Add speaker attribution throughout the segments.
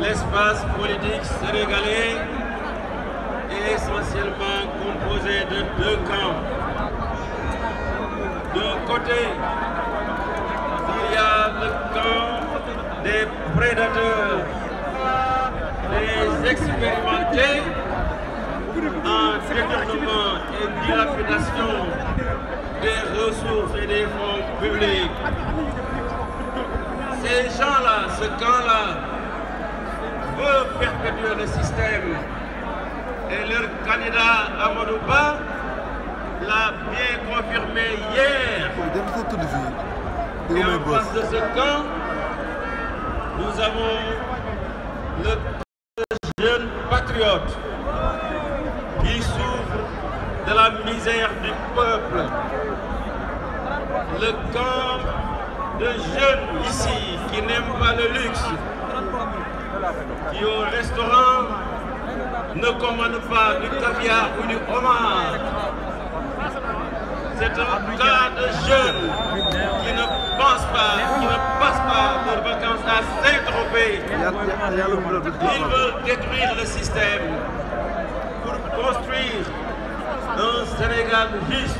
Speaker 1: l'espace politique sénégalais est essentiellement composé de deux camps. D'un côté, il y a le camp des prédateurs, des expérimentés en détournement et dilapidation des ressources et des fonds publics. Ces gens-là, ce camp-là, veut perpétuer le système. Et leur candidat Amadou Ba l'a bien confirmé hier. Et en face de ce camp, nous avons le jeunes patriote qui souffre de la misère du peuple. Le camp de jeunes ici qui n'aiment pas le luxe, qui au restaurant ne commande pas du caviar ou du homard. C'est un cas de jeunes qui ne pensent pas, qui ne passent pas de vacances à Saint-Tropez. Il veut détruire le système pour construire un Sénégal juste,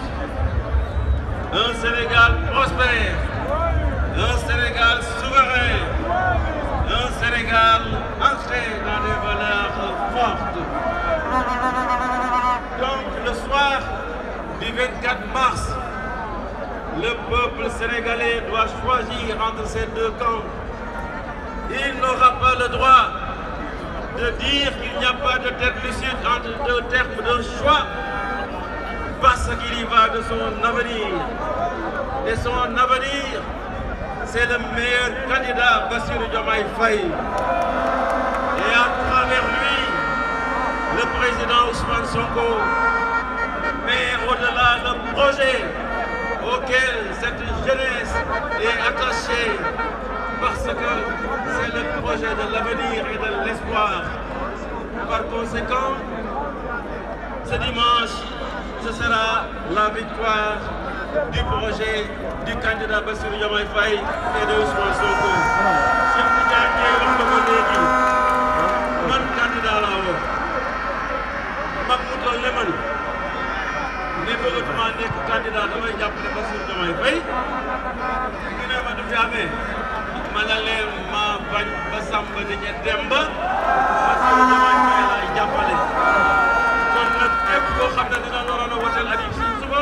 Speaker 1: un Sénégal prospère, un Sénégal souverain, un Sénégal dans des valeurs fortes. Donc le soir du 24 mars, le peuple sénégalais doit choisir entre ces deux camps. Il n'aura pas le droit de dire qu'il n'y a pas de tête lucide entre deux termes de choix parce qu'il y va de son avenir. Et son avenir, c'est le meilleur candidat, Bassir Diomaye Faye. Et à travers lui, le président Ousmane Sonko met au-delà le projet auquel cette jeunesse est attachée parce que c'est le projet de l'avenir et de l'espoir. Par conséquent, ce dimanche, ce sera la victoire du projet du candidat Bassirou Diomaye Faye et de Ousmane Sonko. parlement ne bëggatuma nekk candidat damay jàppale Bassirou Diomaye Faye ñu ne ma du fi amee ma ne leen ma bañ ba Samba dañu dem ba Bassirou Diomaye Faye laay jàppale kon nag képp koo xam ne dina waroon a woteel Habib Sy suba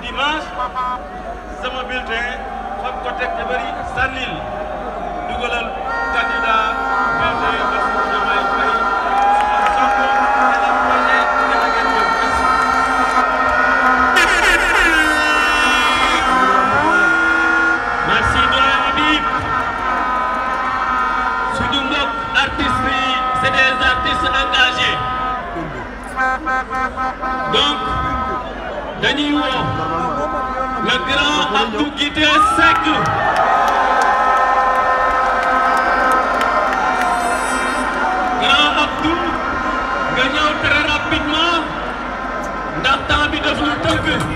Speaker 1: dimanche sama bulletin fam ko teg te bëri sànnil dugalal candidat BNP Abdou Guider Grand Abdou nga ñëw très rapidement ndax temps bi daf ñu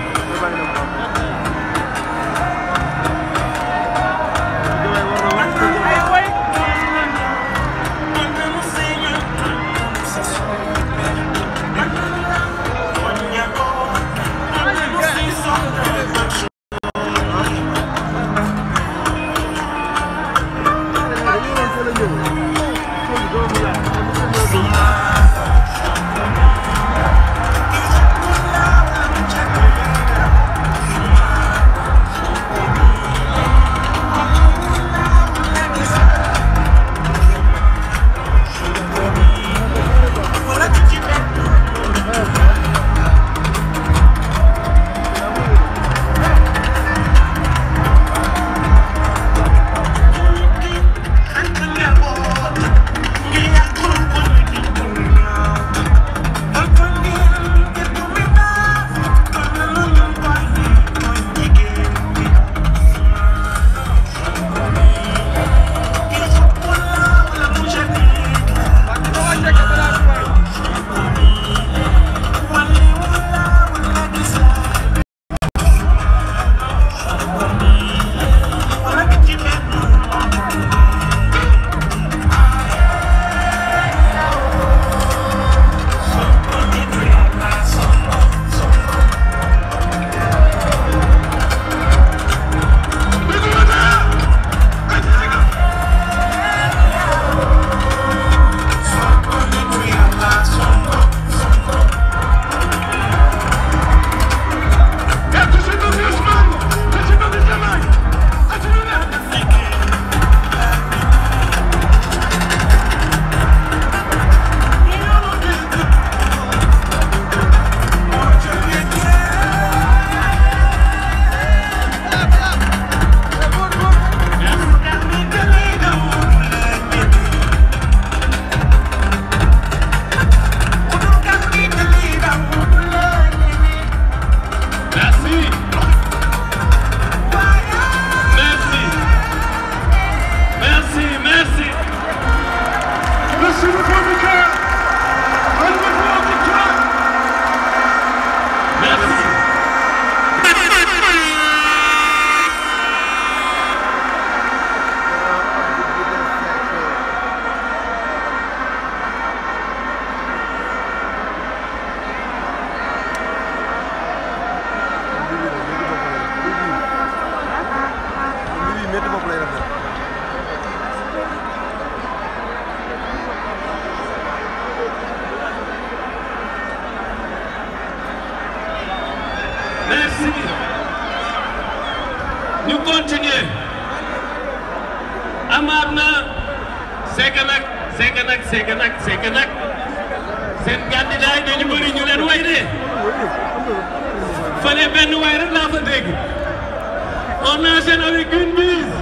Speaker 1: ñu continuer amaat na seega nag seega nag seega nag seega nag seen candidat yi dañu bëri ñu leen way de fële benn waay laa fa dégg on enchaîne avec une bise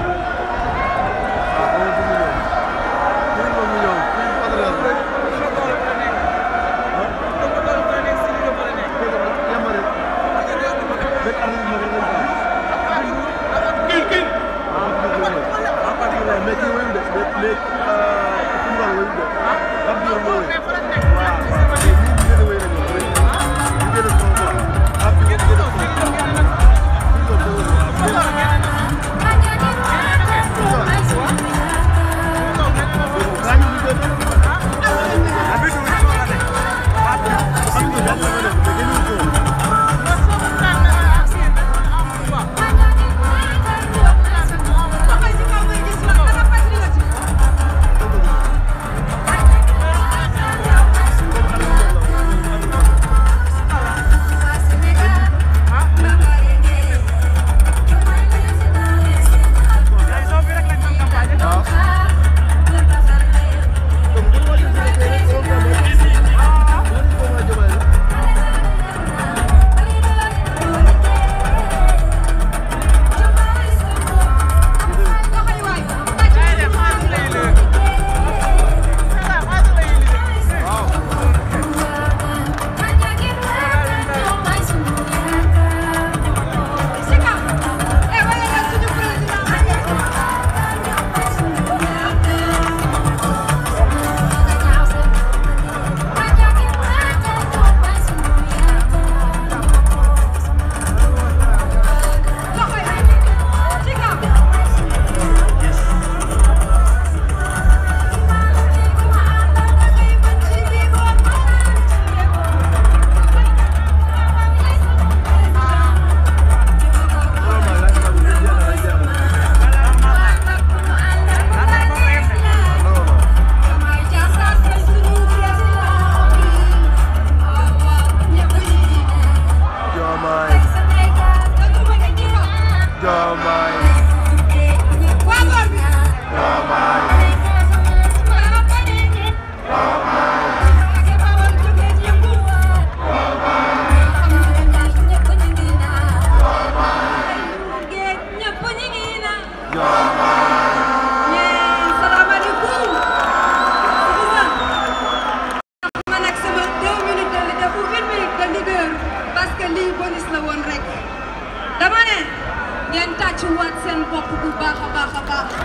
Speaker 1: seen bopp bu baax a baax a baax ñu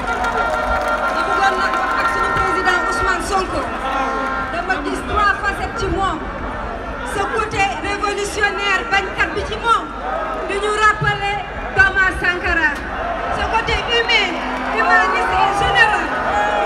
Speaker 1: bëggoon nag wax ak suñu président Ousmane Sonko dama gis trois facettes ci moom ce côté révolutionnaire bañkat bi ci moom di ñu rappeler Thomas Sankara ce côté humain humaniste et généreux